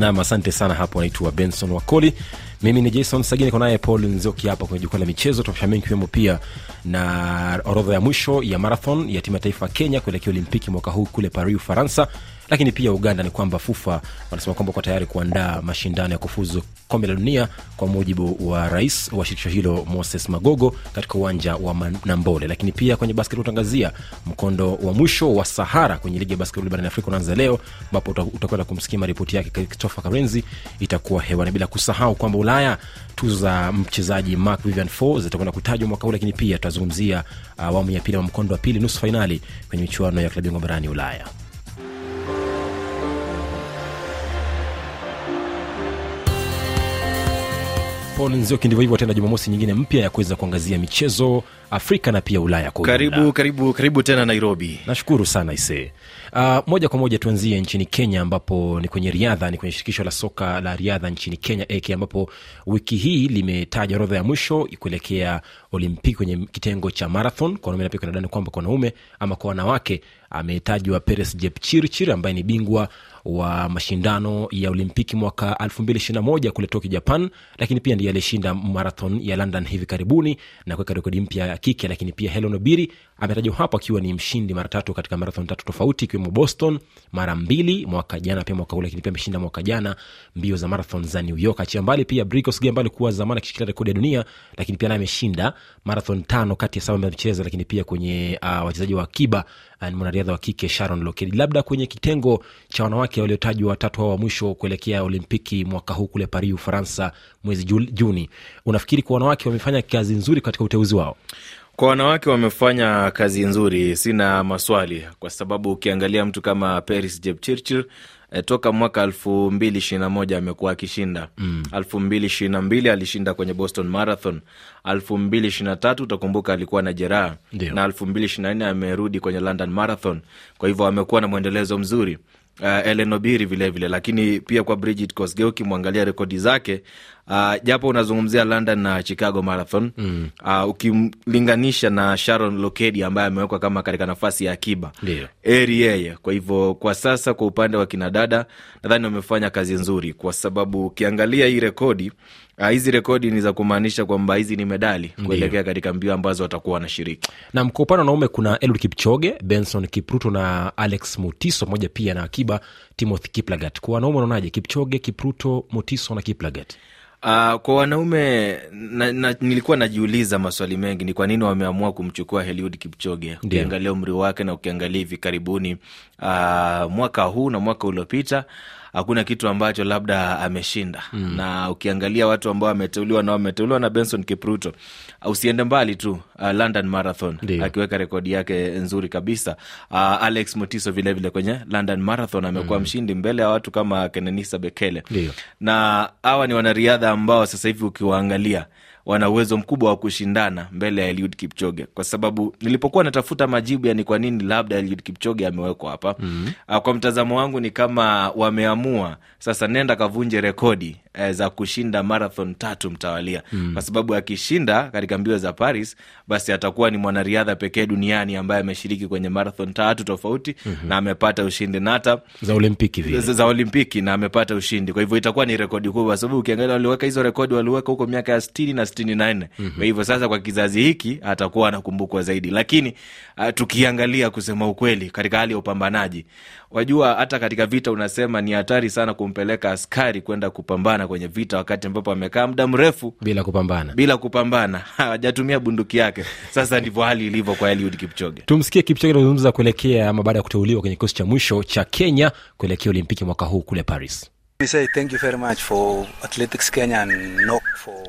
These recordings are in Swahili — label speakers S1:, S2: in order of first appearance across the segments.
S1: nam asante sana hapo anaitwa benson wakoli mimi ni jason sagini konaye paul nzoki hapa kwenye jukwa la michezo tuasha mengi kiwemo pia na orodha ya mwisho ya marathon ya timu ya taifa kenya kuelekea olimpiki mwaka huu kule paris ufaransa lakini pia uganda ni kwamba fufa wanasema kwamba kwa tayari kuandaa mashindano ya kufuzu kombe la dunia kwa mujibu wa rais wa shirikisho hilo moses magogo katika uwanja wa nambole lakini pia kwenye basketball utangazia mkondo wa mwisho wa sahara kwenye ligi ya basketball barani afrika unaanza leo ambapo utakwenda kumsikia maripoti yake christopher karenzi itakuwa hewani bila kusahau kwamba Ulaya. Tuzo za mchezaji Marc Vivian Foe zitakwenda kutajwa mwaka huu, lakini pia tutazungumzia uh, awamu uh, ya pili wa mkondo wa pili, nusu fainali kwenye michuano ya klabu bingwa barani Ulaya. Paul Nzioki. Ndivyo hivyo tena, Jumamosi nyingine mpya ya kuweza kuangazia michezo Afrika na pia Ulaya karibu,
S2: karibu, karibu tena Nairobi.
S1: Nashukuru sana ise Uh, moja kwa moja tuanzie nchini Kenya ambapo ni kwenye riadha, ni kwenye shirikisho la soka la riadha nchini Kenya AK, ambapo wiki hii limetaja orodha ya mwisho kuelekea Olimpiki kwenye kitengo cha marathon kwa wanaume na pia kuna kwamba kwa wanaume ama kwa wanawake ametajwa Peres Jepchirchir ambaye ni bingwa wa mashindano ya olimpiki mwaka 221 kule toki Japan, lakini pia ndiye alishinda marathon ya London hivi karibuni na kuweka rekodi mpya ya kike, lakini pia Helen Obiri ametajwa hapo akiwa ni mshindi mara tatu katika marathon tatu tofauti ikiwemo boston mara mbili mwaka jana pia mwaka ule lakini pia ameshinda mwaka jana mbio za marathon za new york achia mbali pia bricos ambayo alikuwa zamani akishikilia rekodi ya dunia lakini pia naye ameshinda marathon tano kati ya saba ambayo amecheza lakini pia kwenye uh, wachezaji wa akiba uh, ni mwanariadha wa kike sharon lokedi labda kwenye kitengo cha wanawake waliotajwa watatu hao wa mwisho kuelekea olimpiki mwaka huu kule paris ufaransa mwezi juni unafikiri kwa wanawake wamefanya kazi nzuri katika uteuzi wao
S2: kwa wanawake wamefanya kazi nzuri, sina maswali, kwa sababu ukiangalia mtu kama Paris Jepchirchir E, toka mwaka elfu mbili ishirini na moja amekuwa akishinda. mm. elfu mbili ishirini na mbili alishinda kwenye Boston Marathon, elfu mbili ishirini na tatu utakumbuka alikuwa na jeraha, na elfu mbili ishirini na nne amerudi kwenye London Marathon. Kwa hivyo amekuwa na mwendelezo mzuri uh, Ellen Obiri vilevile vile. Lakini pia kwa Bridget Kosgei ukimwangalia rekodi zake uh, japo unazungumzia London na Chicago Marathon mm. uh, ukimlinganisha na Sharon Lokedi ambaye amewekwa kama katika nafasi ya akiba eri yeye. Kwa hivyo kwa sasa kwa upande wa kinadada nadhani wamefanya kazi nzuri, kwa sababu ukiangalia hii rekodi Ah, hizi rekodi ni za kumaanisha kwamba hizi ni medali kuelekea katika mbio ambazo watakuwa wanashiriki.
S1: Nam, kwa upande wanaume kuna Eliud Kipchoge, Benson Kipruto na Alex Mutiso pamoja pia na akiba Timothy Kiplagat. Kwa wanaume wanaonaje? Kipchoge, Kipruto, Mutiso na Kiplagat.
S2: Uh, kwa wanaume na, na, nilikuwa najiuliza maswali mengi, ni kwa nini wameamua kumchukua Eliud Kipchoge ukiangalia umri wake na ukiangalia hivi karibuni uh, mwaka huu na mwaka uliopita hakuna kitu ambacho labda ameshinda mm. na ukiangalia watu ambao wameteuliwa na wameteuliwa na Benson Kipruto, uh, usiende mbali tu uh, London Marathon akiweka rekodi yake nzuri kabisa. Uh, Alex Motiso vilevile vile kwenye London Marathon amekuwa mm. mshindi mbele ya watu kama Kenenisa Bekele Dio. na hawa ni wanariadha ambao sasa hivi ukiwaangalia wana uwezo mkubwa wa kushindana mbele ya Eliud Kipchoge, kwa sababu nilipokuwa natafuta majibu yani kwa nini labda Eliud Kipchoge amewekwa hapa mm -hmm. kwa mtazamo wangu ni kama wameamua sasa, nenda kavunje rekodi Eh, za kushinda marathon tatu mtawalia mm. kwa sababu akishinda katika mbio za Paris basi atakuwa ni mwanariadha pekee duniani ambaye ameshiriki kwenye marathon tatu tofauti mm-hmm. na amepata ushindi na hata
S1: za Olimpiki vile. Za, za
S2: Olimpiki na amepata ushindi, kwa hivyo itakuwa ni rekodi kubwa, kwa sababu ukiangalia waliweka hizo rekodi waliweka huko miaka ya sitini na sitini na mm-hmm. kwa hivyo sasa kwa kizazi hiki atakuwa anakumbukwa zaidi, lakini uh, tukiangalia kusema ukweli katika hali ya upambanaji wajua hata katika vita unasema ni hatari sana kumpeleka askari kwenda kupambana kwenye vita wakati ambapo amekaa muda mrefu bila kupambana, bila kupambana hajatumia bunduki yake. Sasa ndivyo hali ilivyo kwa Eliud Kipchoge.
S1: Tumsikie Kipchoge anazungumza kuelekea ama baada ya kuteuliwa kwenye kikosi cha mwisho cha Kenya kuelekea Olimpiki mwaka huu kule Paris.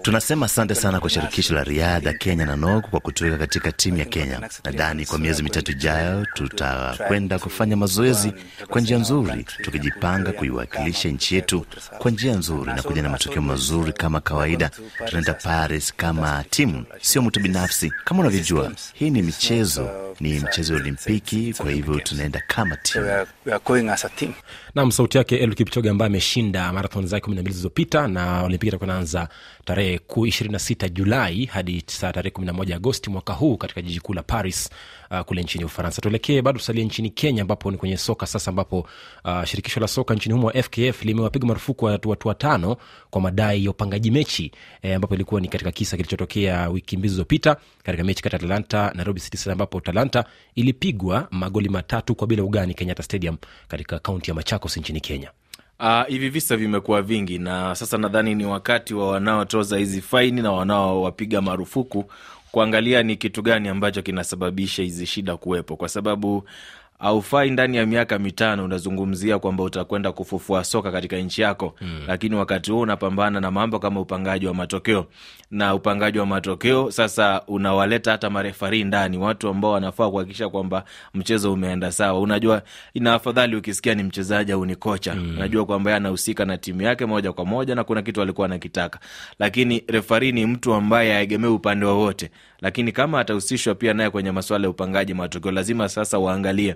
S3: Tunasema asante sana kwa shirikisho la riadha Kenya na nok kwa kutuweka katika timu ya Kenya. Nadhani kwa miezi mitatu ijayo tutakwenda kufanya mazoezi kwa njia nzuri, tukijipanga kuiwakilisha nchi yetu kwa njia nzuri na kuja na matokeo mazuri. Kama kawaida, tunaenda Paris kama timu, sio mtu binafsi. Kama unavyojua, hii ni michezo, ni mchezo ya Olimpiki, kwa hivyo tunaenda kama timu.
S1: Nam sauti yake Eliud Kipchoge ambaye ameshinda marathon zake kumi na mbili zilizopita na Olimpiki itakuwa inaanza tarehe ishirini na sita Julai hadi saa tarehe kumi na moja Agosti mwaka huu katika jiji kuu la Paris uh, kule nchini Ufaransa. Tuelekee bado tusalie nchini Kenya, ambapo ni kwenye soka sasa, ambapo uh, shirikisho la soka nchini humo FKF limewapiga marufuku watu watu watano kwa madai ya upangaji mechi e, ambapo ilikuwa ni katika kisa kilichotokea wiki mbili zilizopita katika mechi kati ya Atalanta Nairobi City, ambapo talanta ilipigwa magoli matatu kwa bila ugani Kenyatta Stadium katika kaunti ya Machakos nchini Kenya.
S2: Uh, hivi visa vimekuwa vingi na sasa nadhani ni wakati wa wanaotoza hizi faini na wanaowapiga marufuku kuangalia ni kitu gani ambacho kinasababisha hizi shida kuwepo, kwa sababu haufai ndani ya miaka mitano unazungumzia kwamba utakwenda kufufua soka katika nchi yako mm. Lakini wakati huo unapambana na mambo kama upangaji wa matokeo na upangaji wa matokeo sasa unawaleta hata marefari ndani, watu ambao wanafaa kuhakikisha kwamba mchezo umeenda sawa. Unajua, ina afadhali ukisikia ni mchezaji au ni kocha mm. Unajua kwamba anahusika na timu yake moja kwa moja na kuna kitu alikuwa anakitaka, lakini refari ni mtu ambaye aegemee upande wowote, lakini kama atahusishwa pia naye kwenye masuala ya upangaji matokeo, lazima sasa waangalie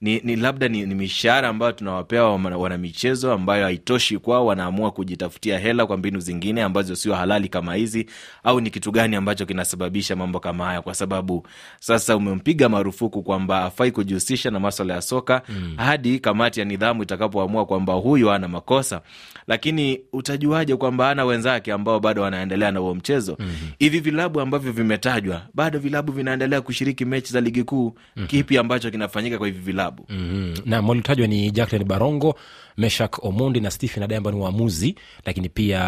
S2: ni, ni labda ni, ni mishahara ambayo tunawapewa wanamichezo ambayo haitoshi kwao, wanaamua kujitafutia hela kwa mbinu zingine ambazo sio halali kama hizi, au ni kitu gani ambacho kinasababisha mambo kama haya? Kwa sababu sasa umempiga marufuku kwamba afai kujihusisha na maswala ya soka mm, hadi kamati ya nidhamu itakapoamua kwamba huyu ana makosa. Lakini utajuaje kwamba ana wenzake ambao bado wanaendelea na huo mchezo? Mm-hmm. Hivi mm -hmm. vilabu ambavyo vimetajwa, bado vilabu vinaendelea kushiriki mechi za ligi kuu mm -hmm. Kipi ambacho kinafanyika
S1: kwa hivi vilabu? klabu mm -hmm. Nam waliotajwa ni Jacklin Barongo, Meshak Omondi na Stephen adae ambao ni waamuzi, lakini pia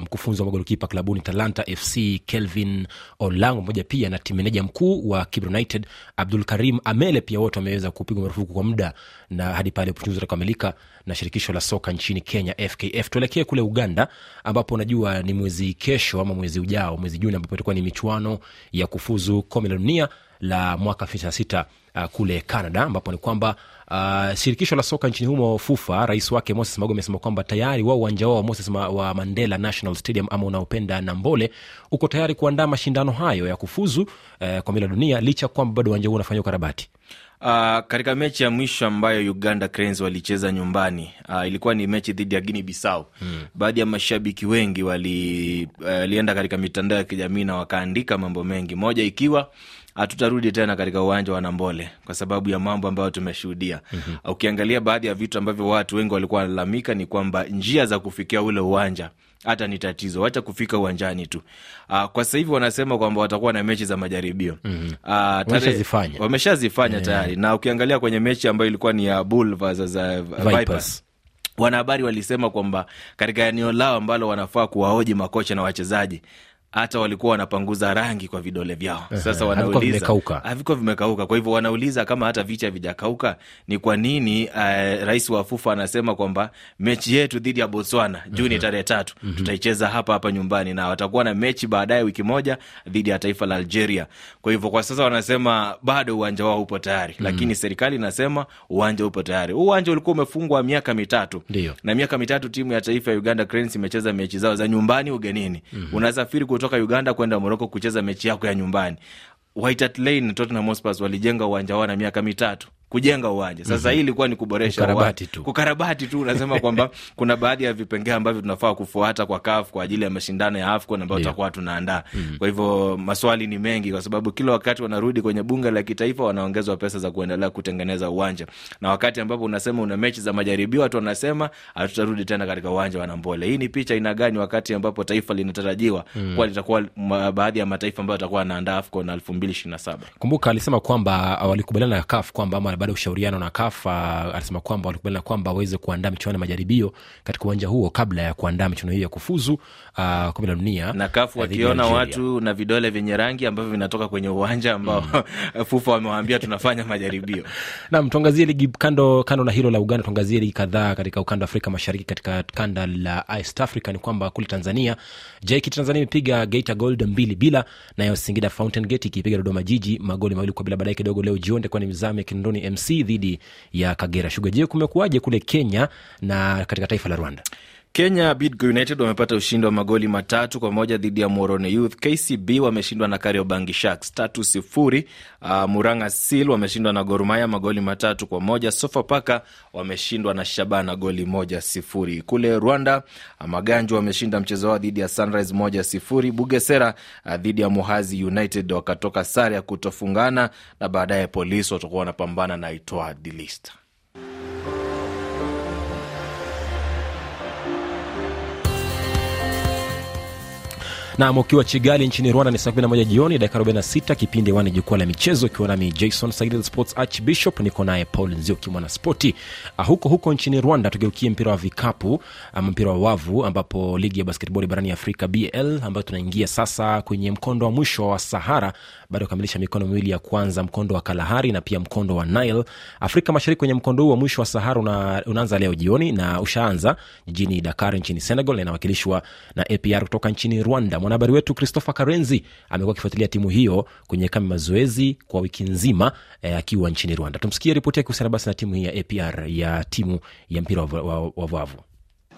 S1: mkufunzi wa magolikipa klabuni Talanta FC Kelvin olango pamoja pia na timeneja mkuu wa kibr United Abdul Karim Amele, pia wote wameweza kupigwa marufuku kwa muda na hadi pale uchunguzi utakamilika na shirikisho la soka nchini Kenya, FKF. Tuelekee kule Uganda ambapo unajua ni mwezi kesho ama mwezi ujao, mwezi Juni, ambapo itakuwa ni michuano ya kufuzu kome la dunia la mwaka elfu uh, kule Canada ambapo ni kwamba uh, shirikisho la soka nchini humo FUFA, rais wake Moses mago amesema kwamba tayari wao uwanja wao wa Moses ma, wa Mandela National Stadium ama unaopenda Nambole uko tayari kuandaa mashindano hayo ya kufuzu uh, kwa la dunia licha kwamba bado uwanja huo unafanya ukarabati.
S2: Uh, katika mechi ya mwisho ambayo Uganda Cranes walicheza nyumbani uh, ilikuwa ni mechi dhidi ya Guinea Bissau hmm. Baadhi ya mashabiki wengi eh, walienda uh, katika mitandao ya kijamii na wakaandika mambo mengi, moja ikiwa hatutarudi tena katika uwanja wa Nambole kwa sababu ya mambo ambayo tumeshuhudia. mm-hmm. Ukiangalia baadhi ya vitu ambavyo watu wengi walikuwa wanalalamika ni kwamba njia za kufikia ule uwanja hata ni tatizo, wacha kufika uwanjani tu. Uh, kwa sasa hivi wanasema kwamba watakuwa na mechi za majaribio mm. uh, wameshazifanya yeah. tayari na ukiangalia kwenye mechi ambayo ilikuwa ni ya Bull versus eh, Vipers wanahabari walisema kwamba katika eneo lao ambalo wanafaa kuwahoji makocha na wachezaji hata walikuwa wanapanguza rangi kwa vidole vyao. Sasa wanauliza havikuwa vimekauka, kwa hivyo wanauliza kama hata vicha vijakauka, ni kwa nini uh, rais wa FUFA anasema kwamba mechi yetu dhidi ya Botswana Juni tarehe tatu mm -hmm. tutaicheza hapa hapa nyumbani na watakuwa na mechi baadaye wiki moja dhidi ya taifa la Algeria. Kwa hivyo kwa sasa wanasema bado uwanja wao upo tayari, mm -hmm. lakini serikali inasema uwanja upo tayari. Huu uwanja ulikuwa umefungwa miaka mitatu Dio. na miaka mitatu timu ya taifa ya Uganda Cranes imecheza mechi zao za nyumbani ugenini, mm -hmm. unasafiri kutoka kutoka Uganda kwenda Moroko kucheza mechi yako ya nyumbani. White Hart Lane Tottenham Hotspur walijenga uwanja wao na miaka mitatu kujenga uwanja. Sasa mhm. hii ilikuwa ni kuboresha kukarabati tu, kukarabati tu. Unasema kwamba kuna baadhi ya vipengee ambavyo tunafaa kufuata kwa CAF kwa ajili ya mashindano ya AFCON ambayo tutakuwa tunaandaa. Mm. Kwa hivyo maswali ni mengi, kwa sababu kila wakati wanarudi kwenye bunge la kitaifa wanaongezwa pesa za kuendelea kutengeneza uwanja, na wakati ambapo unasema una mechi za majaribio, watu wanasema hatutarudi tena katika uwanja wa Nambole. Hii ni picha ina gani wakati ambapo taifa linatarajiwa mm. kuwa litakuwa baadhi ya mataifa
S1: ambayo yatakuwa yanaandaa AFCON 2027. Kumbuka alisema kwamba walikubaliana na CAF kwamba baada ya ushauriano na Kafa alisema kwamba walikubaliana kwamba waweze kuandaa michuano ya majaribio katika uwanja huo kabla ya kuandaa michuano hiyo ya kufuzu uh, kombe la dunia, na Kafu wakiona eh, watu
S2: na vidole vyenye rangi ambavyo vinatoka kwenye uwanja ambao mm. FUFA wamewaambia tunafanya majaribio.
S1: Naam, tuangazie ligi kando kando na hilo la Uganda, tuangazie ligi kadhaa katika ukanda wa Afrika Mashariki. Katika kanda la East Africa ni kwamba kule Tanzania JKT Tanzania imepiga Geita Gold mbili bila, nayo Singida Fountain Gate ikipiga Dodoma Jiji magoli mawili kwa bila. Baadaye kidogo leo jioni itakuwa ni mzame Kinondoni mc dhidi ya Kagera shuga Je, kumekuwaje kule Kenya na katika taifa la Rwanda?
S2: Kenya Bidco United wamepata ushindi wa magoli matatu kwa moja dhidi ya Morone Youth. KCB wameshindwa na Kariobangi Sharks tatu sifuri. Uh, Murang'a Seal wameshindwa na Gor Mahia magoli matatu kwa moja. Sofapaka wameshindwa na Shabana goli moja sifuri. Kule Rwanda uh, Maganju wameshinda mchezo wao dhidi ya Sunrise moja sifuri. Bugesera uh, dhidi ya Muhazi United wakatoka sare ya kutofungana na baadaye polisi watakuwa wanapambana na Itoa Dilista.
S1: Nam ukiwa chigali nchini Rwanda ni saa 11 jioni dakika 46, kipindi wani jukwaa la michezo, ukiwa nami Jason Sagiri Sports Archbishop, niko naye Paul nzio kimwana spoti ah, Huko huko nchini Rwanda tugeukie mpira wa vikapu ama mpira wa wavu, ambapo ligi ya basketball barani Afrika BL ambayo tunaingia sasa kwenye mkondo wa mwisho wa Sahara baada ya kukamilisha mikondo miwili ya kwanza, mkondo wa Kalahari na pia mkondo wa Nile. Afrika Mashariki kwenye mkondo huu wa mwisho wa Sahara una, unaanza leo jioni na ushaanza jijini Dakar nchini Senegal na inawakilishwa na APR kutoka nchini Rwanda. Mwanahabari wetu Christopher Karenzi amekuwa akifuatilia timu hiyo kwenye kambi mazoezi kwa wiki nzima eh, akiwa nchini Rwanda. Tumsikie ripoti akihusiana basi na timu hii ya APR ya timu ya mpira wa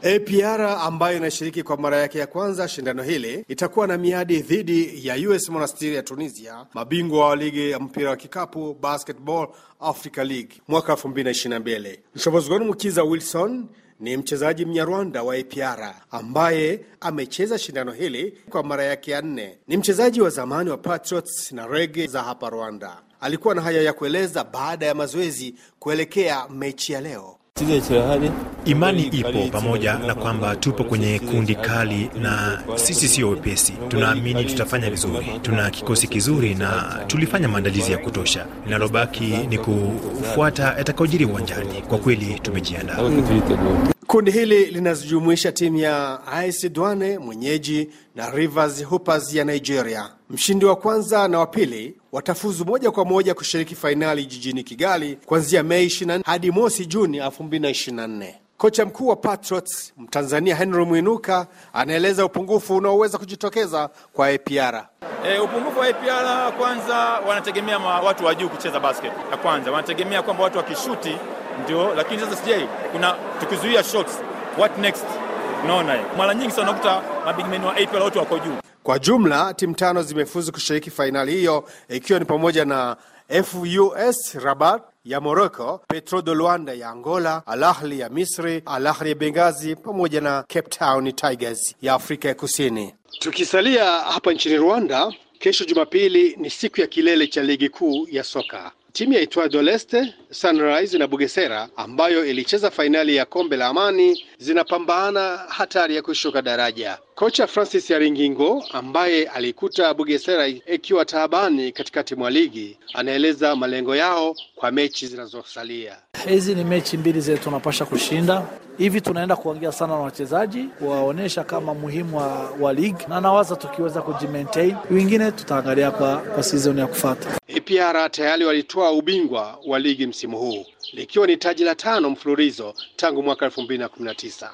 S4: APR ambayo inashiriki kwa mara yake ya kwanza shindano hili itakuwa na miadi dhidi ya US monastir ya Tunisia, mabingwa wa ligi ya mpira wa kikapu Basketball Africa League mwaka 222 Mshovozgoni Mukiza Wilson ni mchezaji Mnyarwanda wa APR ambaye amecheza shindano hili kwa mara yake ya nne. Ni mchezaji wa zamani wa Patriots na Rege za hapa Rwanda. Alikuwa na haya ya kueleza baada ya mazoezi kuelekea mechi ya leo. Imani ipo pamoja na kwamba tupo kwenye kundi kali na sisi sio wepesi. Tunaamini tutafanya vizuri, tuna kikosi kizuri na tulifanya maandalizi ya kutosha. Linalobaki ni kufuata yatakayojiri uwanjani. Kwa kweli tumejiandaa. Kundi hili linazijumuisha timu ya AS Douane mwenyeji na Rivers Hoopers ya Nigeria. Mshindi wa kwanza na wa pili watafuzu moja kwa moja kushiriki fainali jijini Kigali kuanzia Mei 24 hadi mosi Juni 2024. Kocha mkuu wa Patriots Mtanzania Henry Mwinuka anaeleza upungufu unaoweza kujitokeza kwa APR. E, upungufu wa APR kwanza, wanategemea watu wa juu kucheza basket ya kwanza, wanategemea kwamba watu wakishuti ndio, lakini sasa sijai, kuna tukizuia shots, what next?
S1: Unaona, mara nyingi sana unakuta mabigmeni wa APR watu wako juu.
S4: Kwa jumla timu tano zimefuzu kushiriki fainali hiyo ikiwa ni pamoja na FUS Rabat ya Morocco, Petro de Luanda ya Angola, Al ya Misri, Al ya bengazi pamoja na Cape Town Tigers ya Afrika ya Kusini. Tukisalia hapa nchini Rwanda, kesho Jumapili ni siku ya kilele cha ligi kuu ya soka. Timu ya de Leste, Sunrise na Bugesera ambayo ilicheza fainali ya kombe la Amani zinapambana hatari ya kushuka daraja. Kocha Francis Yaringingo ambaye alikuta Bugesera ikiwa taabani katikati mwa ligi anaeleza malengo yao kwa mechi zinazosalia.
S2: Hizi ni mechi mbili zetu tunapasha kushinda. Hivi tunaenda kuongea sana na wachezaji kuwaonyesha kama muhimu wa, wa ligi na nawaza tukiweza kujimaintain, wengine tutaangalia kwa, kwa season ya kufata.
S4: APR e tayari walitoa ubingwa wa ligi msimu huu likiwa ni taji la tano mfululizo tangu mwaka 2019.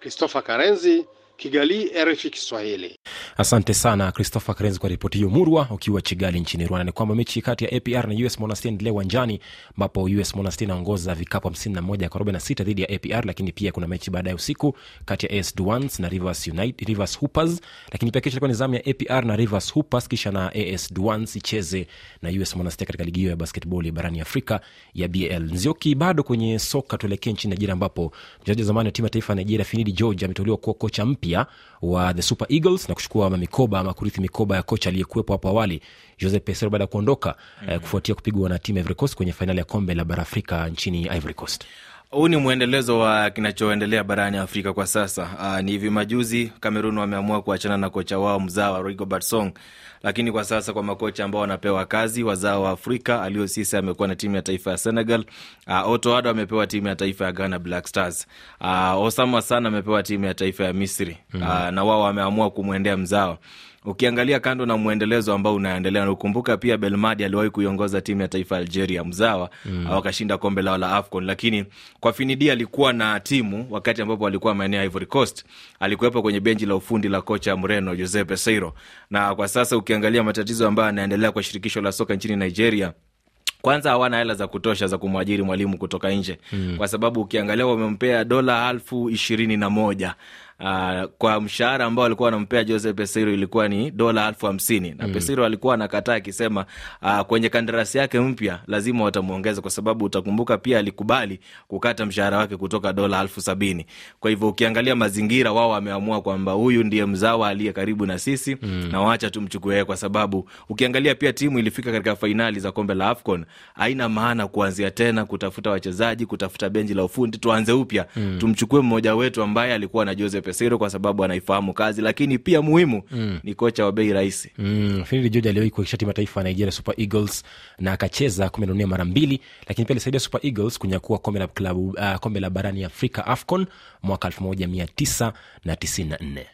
S4: Christopher Karenzi Kigali, RFI Kiswahili.
S1: Asante sana Christopher Karenzi kwa ripoti hiyo murwa, ukiwa Kigali nchini Rwanda. Ni kwamba mechi kati ya APR na US Monastir inaendelea uwanjani, ambapo US Monastir inaongoza vikapu 51 kwa 46 dhidi ya APR, lakini pia kuna mechi baadaye usiku kati ya AS Duans na Rivers United, Rivers Hoopers, lakini pia kesho ni zamu ya APR na Rivers Hoopers, kisha na AS Duans icheze na US Monastir katika ligi hiyo ya basketball barani Afrika ya BAL. Nzioki, bado kwenye soka, tuelekee nchini Nigeria ambapo mchezaji wa zamani wa timu ya taifa ya Nigeria Finidi George ameteuliwa kuwa kocha mpya mpya wa the Super Eagles na kuchukua mikoba ama kurithi mikoba ya kocha aliyekuwepo hapo awali Jose Pesero baada ya kuondoka eh, mm-hmm. kufuatia kupigwa na timu Ivory kwenye fainali ya kombe la bara Afrika nchini Ivory
S2: Huu ni mwendelezo wa kinachoendelea barani Afrika kwa sasa. uh, ni hivi majuzi cameron wameamua kuachana na kocha wao mzawa Rigobert Song lakini kwa sasa kwa makocha ambao wanapewa kazi, wazao wa Afrika, Aliou Cisse amekuwa na timu ya taifa ya Senegal. Uh, Otto Addo amepewa timu ya taifa ya Ghana Black Stars. Uh, Osama Sana amepewa timu ya taifa ya Misri. Mm. Uh, mm-hmm. na wao wameamua kumwendea mzao ukiangalia kando na mwendelezo ambao unaendelea, nakumbuka pia Belmadi aliwahi kuiongoza timu ya taifa ya Algeria mzawa mm. Uh, wakashinda kombe lao la AFCON, lakini kwa Finidi alikuwa na timu wakati ambapo alikuwa maeneo ya Ivory Coast, alikuwepo kwenye benchi la ufundi la kocha Mreno Josepe Seiro, na kwa sasa uki ukiangalia matatizo ambayo anaendelea kwa shirikisho la soka nchini Nigeria kwanza hawana hela za kutosha za kumwajiri mwalimu kutoka nje mm. kwa sababu ukiangalia wamempea dola elfu ishirini na moja uh, kwa mshahara ambao alikuwa anampea Jose Pesiro ilikuwa ni dola elfu hamsini na mm. Pesiro alikuwa anakataa akisema, uh, kwenye kandarasi yake mpya lazima watamwongeza, kwa sababu utakumbuka pia alikubali kukata mshahara wake kutoka dola elfu sabini. Kwa hivyo ukiangalia mazingira, wao wameamua kwamba huyu ndiye mzawa aliye karibu na sisi mm. na wacha tumchukue, kwa sababu ukiangalia pia timu ilifika katika fainali za kombe la AFCON, haina maana kuanzia tena kutafuta wachezaji, kutafuta benji la ufundi, tuanze upya mm. tumchukue mmoja wetu ambaye alikuwa na Jose Pesiro Kasero kwa sababu anaifahamu kazi, lakini pia muhimu mm. ni kocha wa bei rahisi
S1: mm. Finidi George aliwahi kuakisha timu ya taifa ya Nigeria Super Eagles na akacheza kombe la dunia mara mbili, lakini pia alisaidia Super Eagles kunyakua kombe la klabu, uh, kombe la barani Afrika AFCON mwaka 1994.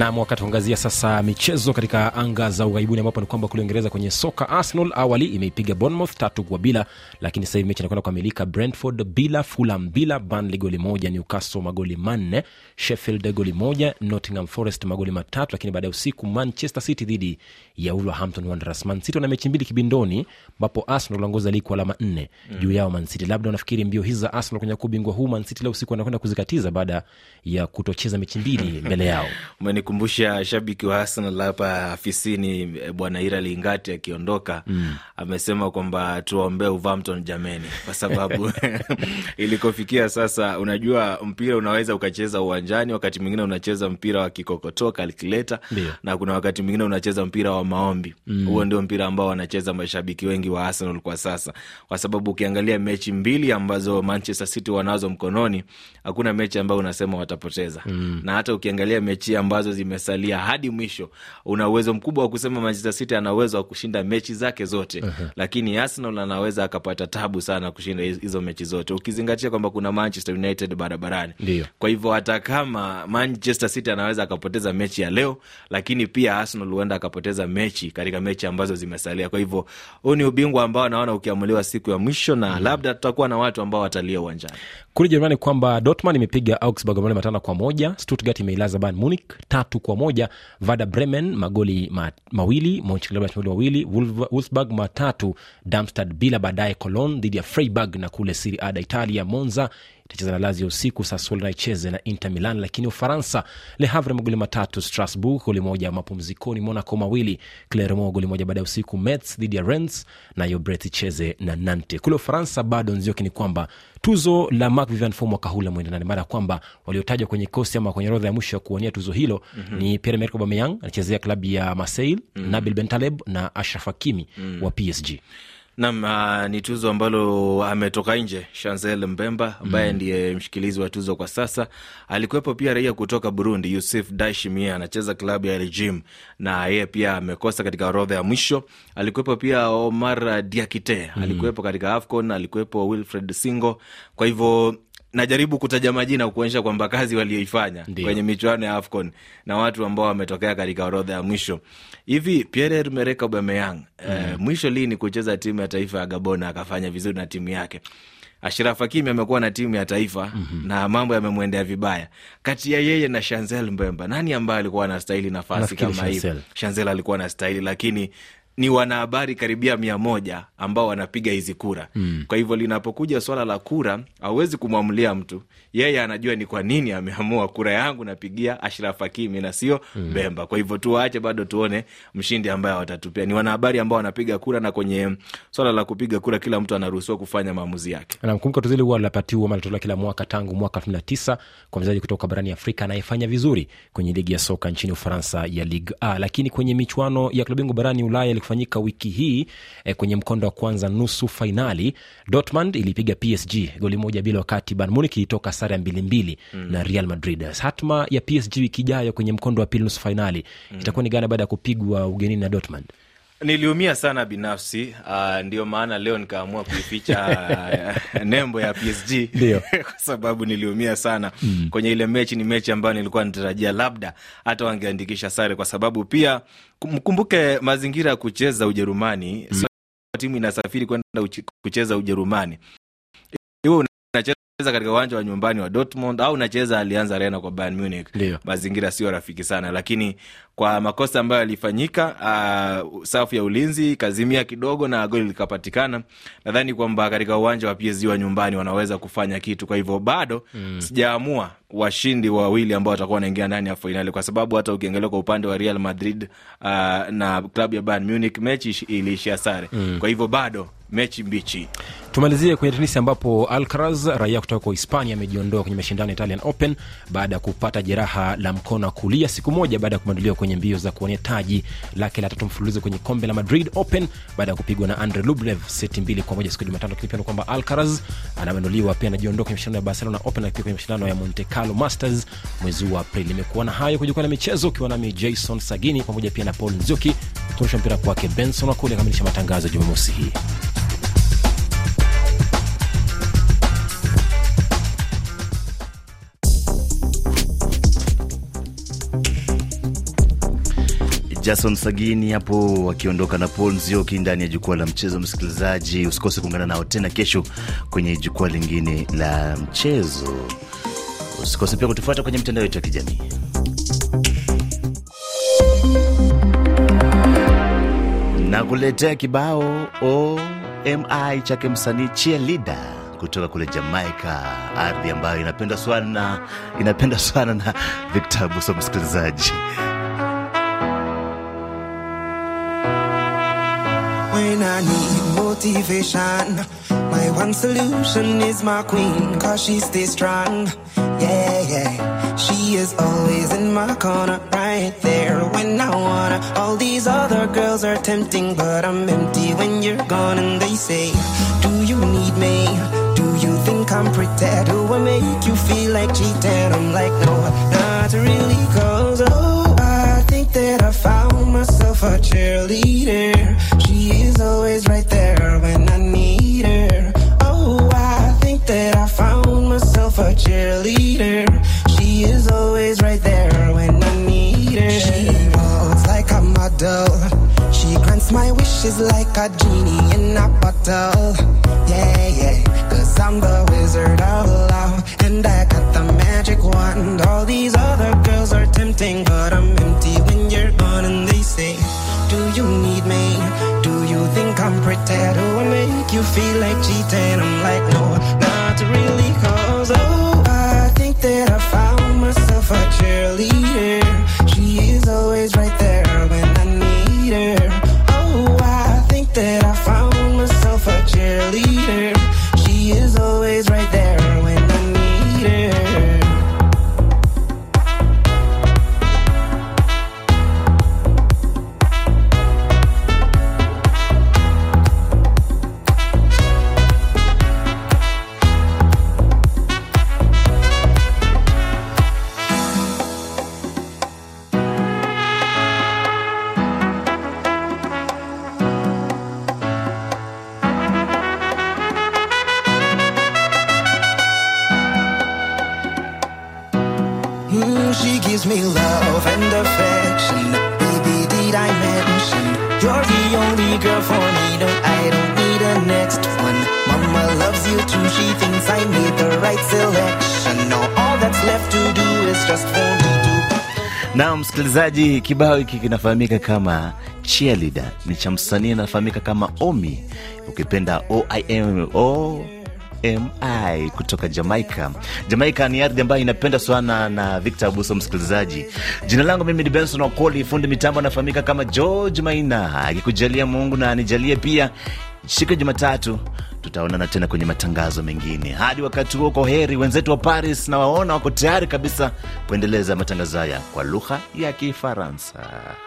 S1: Nam, wakati tuangazia sasa michezo katika anga za ughaibuni, ambapo ni kwamba kule Uingereza kwenye soka, Arsenal awali imeipiga Bournemouth tatu kwa bila, lakini sasa hivi mechi inakwenda kukamilika. Brentford bila, Fulham bila, Burnley goli moja, Newcastle magoli manne, Sheffield goli moja, Nottingham Forest magoli matatu. Lakini baada ya usiku Manchester City dhidi ya Wolverhampton Wanderers. Man City wana mechi mbili kibindoni, ambapo Arsenal wanaongoza ligi kwa alama nne mm. juu yao Man City. Labda unafikiri mbio hizi za Arsenal kwenye kubingwa huu Man City leo usiku wanakwenda kuzikatiza baada ya kutocheza mechi mbili mbele yao
S2: Umekumbusha shabiki wa Arsenal hapa afisini, eh, bwana Ira Lingati akiondoka, mm. amesema kwamba tuwaombee Uvampton jameni, kwa sababu ilikofikia sasa. Unajua mpira unaweza ukacheza uwanjani, wakati mwingine unacheza mpira wa kikokotoa kalkuleta, na kuna wakati mwingine unacheza mpira wa maombi. Mm. Huo mm. ndio mpira ambao wanacheza mashabiki wengi wa Arsenal kwa sasa, kwa sababu ukiangalia mechi mbili ambazo Manchester City wanazo mkononi, hakuna mechi ambayo unasema watapoteza mm. na hata ukiangalia mechi ambazo zimesalia hadi mwisho, una uwezo mkubwa wa kusema Manchester City ana uwezo wa kushinda mechi zake zote, uh-huh. lakini Arsenal anaweza akapata tabu sana kushinda hizo mechi zote, ukizingatia kwamba kuna Manchester United barabarani. Ndiyo. Kwa hivyo hata kama Manchester City anaweza akapoteza mechi ya leo, lakini pia Arsenal huenda akapoteza mechi katika mechi ambazo zimesalia. Kwa hivyo huu ni ubingwa ambao naona ukiamuliwa siku ya mwisho na mm. labda tutakuwa na watu ambao watalia uwanjani.
S1: Kule Jerumani kwamba Dortmund imepiga Augsburg mabao matano kwa moja. Stuttgart imeilaza Bayern Munich tatu kwa moja Vada Bremen magoli ma, mawili Monchengladbach mawili Wolfsburg matatu Darmstadt bila, baadaye Cologne dhidi ya Freiburg na kule siriada Italia Monza itacheza na Lazio usiku. Sassuolo naicheze na Inter Milan. Lakini Ufaransa, Le Havre magoli matatu, Strasbourg goli moja mapumzikoni, Monaco mawili, clermo goli moja baada ya usiku, mets dhidi ya rens nayo Brest icheze na nante Kule Ufaransa bado Nzioki ni kwamba tuzo la Marc Vivian Foe mwaka huu la mwenda nane, mara ya kwamba waliotajwa kwenye kosi ama kwenye orodha ya mwisho ya kuonia tuzo hilo mm -hmm. ni Pierre Emerick Aubameyang anachezea klabu ya Marseille mm -hmm. Nabil Bentaleb na Ashraf Hakimi mm -hmm. wa PSG.
S2: Nam uh, ah, ni tuzo ambalo ametoka nje Chancel Mbemba ambaye mm. ndiye mshikilizi wa tuzo kwa sasa. Alikuwepo pia raia kutoka Burundi Yusuf Dashimie, anacheza klabu ya Rejim na yeye pia amekosa katika orodha ya mwisho. Alikuwepo pia Omar Diakite, mm. alikuwepo katika AFCON, alikuwepo Wilfred Singo. Kwa hivyo najaribu kutaja majina kuonyesha kwamba kazi walioifanya kwenye michuano ya AFCON na watu ambao wametokea katika orodha ya mwisho hivi. Pierre Emerick Aubameyang eh, mm. eh, mwisho lini kucheza timu ya taifa ya Gabon akafanya vizuri na timu yake. Ashraf Hakimi amekuwa na timu ya taifa mm -hmm. na mambo yamemwendea vibaya. Kati ya yeye na Chancel Mbemba, nani ambaye alikuwa anastahili nafasi kama hii? Chancel alikuwa anastahili, lakini ni wanahabari karibia mia moja ambao wanapiga hizi kura mm. Kwa hivyo linapokuja swala la kura, awezi kumwamulia mtu, yeye anajua ni kwa nini ameamua kura yangu napigia Ashraf Hakimi na sio mm. Bemba. Kwa hivyo tuwaache bado tuone mshindi ambaye watatupia. Ni wanahabari ambao wanapiga kura, na kwenye swala la kupiga kura kila mtu anaruhusiwa kufanya maamuzi yake.
S1: Namkumbuka tuzili huwa linapatiwa ama kila mwaka tangu mwaka elfu mbili na tisa kwa mchezaji kutoka barani Afrika anayefanya vizuri kwenye ligi ya soka nchini Ufaransa ya Ligue A, lakini kwenye michuano ya klabu bingwa barani Ulaya likifanyika wiki hii eh, kwenye mkondo wa kwanza nusu fainali Dortmund ilipiga PSG goli moja bila, wakati Bayern ilitoka sare ya mbili mbili mm. na Real Madrid. Hatma ya PSG wiki ijayo kwenye mkondo wa pili nusu fainali mm. itakuwa ni gana baada ya kupigwa ugenini na Dortmund?
S2: Niliumia sana binafsi uh, ndio maana leo nikaamua kuificha uh, nembo ya PSG kwa sababu niliumia sana mm. Kwenye ile mechi ni mechi ambayo nilikuwa natarajia labda hata wangeandikisha sare, kwa sababu pia mkumbuke mazingira ya kucheza Ujerumani mm. So, timu inasafiri kwenda kucheza Ujerumani, iwe unacheza cheza katika uwanja wa nyumbani wa Dortmund au unacheza alianza Arena kwa Bayern Munich, mazingira sio rafiki sana, lakini kwa makosa ambayo yalifanyika uh, safu ya ulinzi kazimia kidogo na goli likapatikana. Nadhani kwamba katika uwanja wa PSG wa nyumbani wanaweza kufanya kitu, kwa hivyo bado mm, sijaamua washindi wawili ambao watakuwa wanaingia ndani ya fainali, kwa sababu hata ukiangalia kwa upande wa Real Madrid uh, na klabu ya Bayern Munich mechi iliishia sare mm, kwa hivyo bado mechi mbichi.
S1: Tumalizie kwenye tenisi ambapo Alcaraz raia kutoka kwa Hispania amejiondoa kwenye mashindano Italian Open baada ya kupata jeraha la mkono wa kulia siku moja baada ya kubanduliwa kwenye mbio za kuwania taji lake la tatu mfululizo kwenye kombe la Madrid Open baada ya kupigwa na Andre lublev seti mbili kwa moja siku ya Jumatano. Lakini pia ni kwamba Alcaraz anabanduliwa pia anajiondoa kwenye mashindano ya Barcelona Open na pia kwenye mashindano ya Monte Carlo Masters mwezi huu wa Aprili. Imekuwa na hayo kwenye kujukwa na michezo, ukiwa nami Jason Sagini pamoja pia na Paul Nzuki. Turusha mpira kwake Benson Wakuli akamilisha matangazo Jumamosi hii.
S3: Jason Sagini hapo wakiondoka na Paul Nzioki ndani ya jukwaa la mchezo. Msikilizaji, usikose kuungana nao tena kesho kwenye jukwaa lingine la mchezo. Usikose pia kutufuata kwenye mitandao yetu ya kijamii. na kuletea kibao omi chake msanii Cheerleader kutoka kule Jamaica, ardhi ambayo inapenda sana sana na Victor Buso, msikilizaji
S5: motivation. My one solution is my queen, cause she stays strong. Yeah, yeah. She is always in my corner, right there when I wanna. All these other girls are tempting, but I'm empty when you're gone. And they say, Do you need me? Do you think I'm pretty? Do I make you feel like cheating? I'm like, No, not really, cause oh that I found myself a cheerleader. She is always right there when I need her. Oh, I think that I found myself a cheerleader. She is always right there when I need her. She walks like a model. She grants my wishes like a genie in a bottle. Yeah, yeah. Cause I'm the wizard of love. And I got the magic wand. All these other girls are tempting, but I'm tic I make you feel like cheating I'm like, no, not really cause oh
S3: Na msikilizaji, kibao hiki kinafahamika kama Cheerleader, ni cha msanii anafahamika kama Omi, ukipenda OIMO mi kutoka jamaika jamaika ni ardhi ambayo inapenda sana na Victor Abuso. Msikilizaji, jina langu mimi ni Benson Wakoli, fundi mitambo anafahamika kama George Maina. Akikujalia Mungu na anijalie pia, siku ya Jumatatu Tutaonana tena kwenye matangazo mengine. Hadi wakati huo, kwa heri. Wenzetu wa Paris na waona wako tayari kabisa kuendeleza matangazo haya kwa lugha ya Kifaransa.